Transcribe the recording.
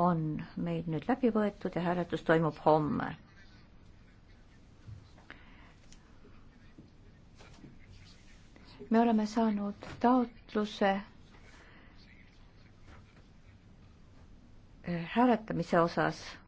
on meil nüüd läbi võetud ja hääletus toimub homme. me oleme saanud taotluse hääletamise osas